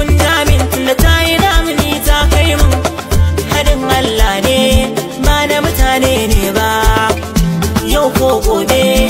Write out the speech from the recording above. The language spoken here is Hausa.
kunna min tunda ta yi namuni ta kai mun hadin Allah ne ba na mutane ne ba yau ko gobe